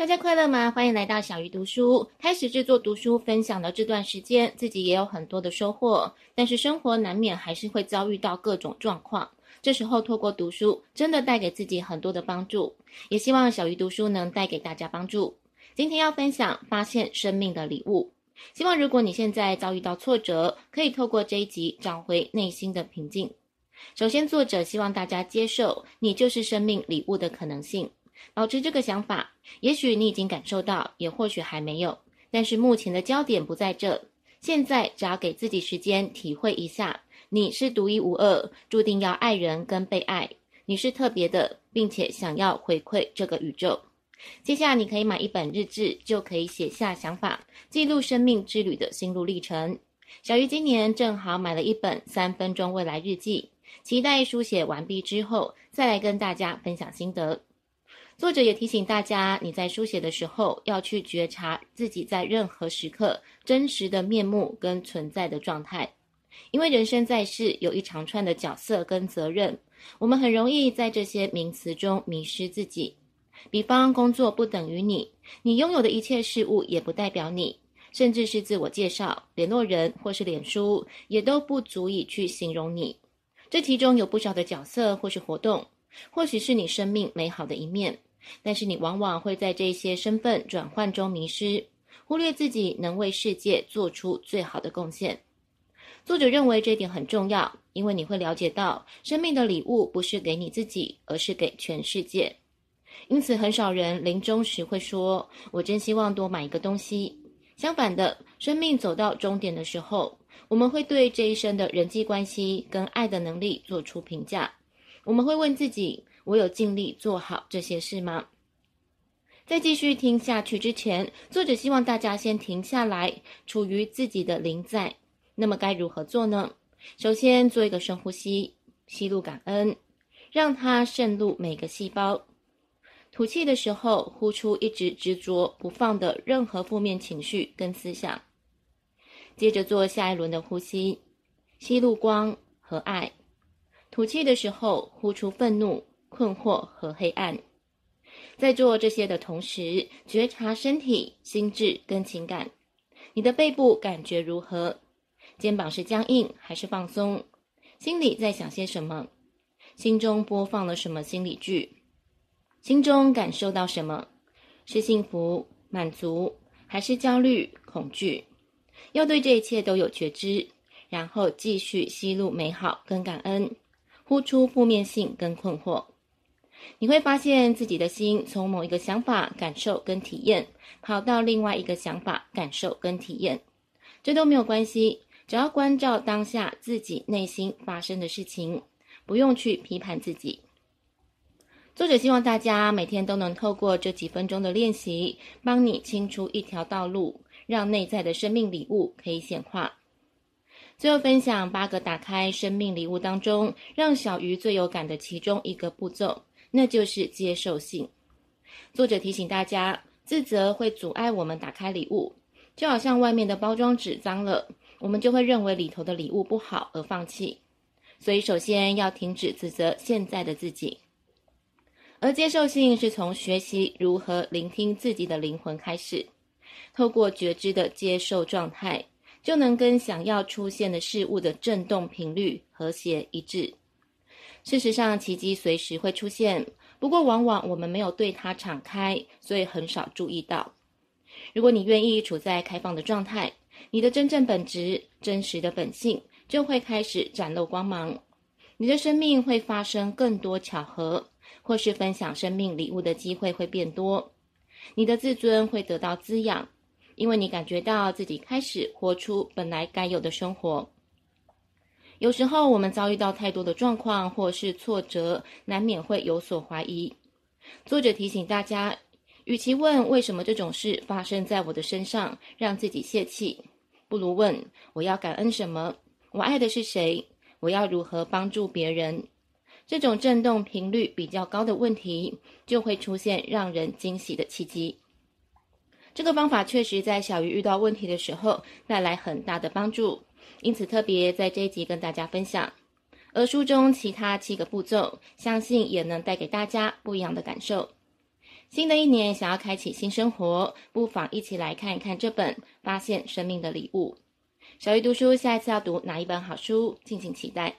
大家快樂嗎？歡迎來到小魚讀書。開始製作讀書分享的這段時間，自己也有很多的收穫。但是生活難免還是會遭遇到各種狀況，這時候透過讀書真的帶給自己很多的幫助。也希望小魚讀書能帶給大家幫助。今天要分享《發現生命的禮物》，希望如果你現在遭遇到挫折，可以透過這一集找回內心的平靜。首先，作者希望大家接受你就是生命禮物的可能性。保持這個想法，也許你已經感受到，也或許還沒有。但是目前的焦點不在這。現在，只要給自己時間體會一下，你是獨一無二，注定要愛人跟被愛，你是特別的，並且想要回饋這個宇宙。接下來，你可以買一本日誌，就可以寫下想法，記錄生命之旅的心路歷程。小魚今年正好買了一本《三分鐘未來日記》，期待書寫完畢之後，再來跟大家分享心得。作者也提醒大家，你在書寫的時候要去覺察自己在任何時刻真實的面目跟存在的狀態，因為人生在世有一長串的角色跟責任，我們很容易在這些名詞中迷失自己。比方，工作不等於你，你擁有的一切事物也不代表你，甚至是自我介紹、聯絡人或是臉書，也都不足以去形容你。這其中有不少的角色或是活動，或許是你生命美好的一面。但是你往往會在這些身份轉換中迷失，忽略自己能為世界做出最好的貢獻。作者認為這一點很重要，因為你會了解到生命的禮物不是給你自己，而是給全世界。因此，很少人臨終時會說：“我真希望多買一個東西。”相反的，生命走到終點的時候，我們會對這一生的人際關係跟愛的能力做出評價。我們會問自己，我有盡力做好這些事嗎？在繼續聽下去之前，作者希望大家先停下來，處於自己的臨在。那麼該如何做呢？首先做一個深呼吸，吸入感恩，讓它滲入每個細胞；吐氣的時候，呼出一直執着不放的任何負面情緒跟思想。接着做下一輪的呼吸，吸入光和愛，吐氣的時候呼出憤怒。困惑和黑暗，在做這些的同時，覺察身體、心智跟情感。你的背部感覺如何？肩膀是僵硬還是放鬆？心裡在想些什麼？心中播放了什麼心理劇？心中感受到什麼是幸福、滿足，還是焦慮、恐懼？要對這一切都有覺知，然後繼續吸入美好跟感恩，呼出負面性跟困惑。你會發現自己的心從某一個想法、感受跟體驗跑到另外一個想法、感受跟體驗，這都沒有關係，只要關照當下自己內心發生的事情，不用去批判自己。作者希望大家每天都能透過這幾分鐘的練習，幫你清出一條道路，讓內在的生命禮物可以顯化。最後分享八個打開生命禮物當中，讓小魚最有感的其中一個步驟。那就是接受性。作者提醒大家，自責會阻礙我們打開禮物，就好像外面的包裝紙髒了，我們就會認為裡頭的禮物不好而放棄。所以，首先要停止自責現在的自己，而接受性是從學習如何聆聽自己的靈魂開始。透過覺知的接受狀態，就能跟想要出現的事物的振動頻率和諧一致。事實上，奇蹟隨時會出現。不過，往往我們沒有對它敞開，所以很少注意到。如果你願意處在開放的狀態，你的真正本質、真實的本性就會開始展露光芒。你的生命會發生更多巧合，或是分享生命禮物的機會會變多。你的自尊會得到滋養，因為你感覺到自己開始活出本來該有的生活。有時候我們遭遇到太多的狀況或是挫折，難免會有所懷疑。作者提醒大家，與其問為什麼這種事發生在我的身上，讓自己洩氣，不如問我要感恩什麼，我愛的是誰，我要如何幫助別人。這種振動頻率比較高的問題，就會出現讓人驚喜的契機。這個方法確實在小魚遇到問題的時候帶來很大的幫助。因此，特別在這一集跟大家分享，而書中其他七個步驟，相信也能帶給大家不一樣的感受。新的一年想要開啟新生活，不妨一起來看一看這本《發現生命的禮物》。小魚讀書，下一次要讀哪一本好書，敬請期待。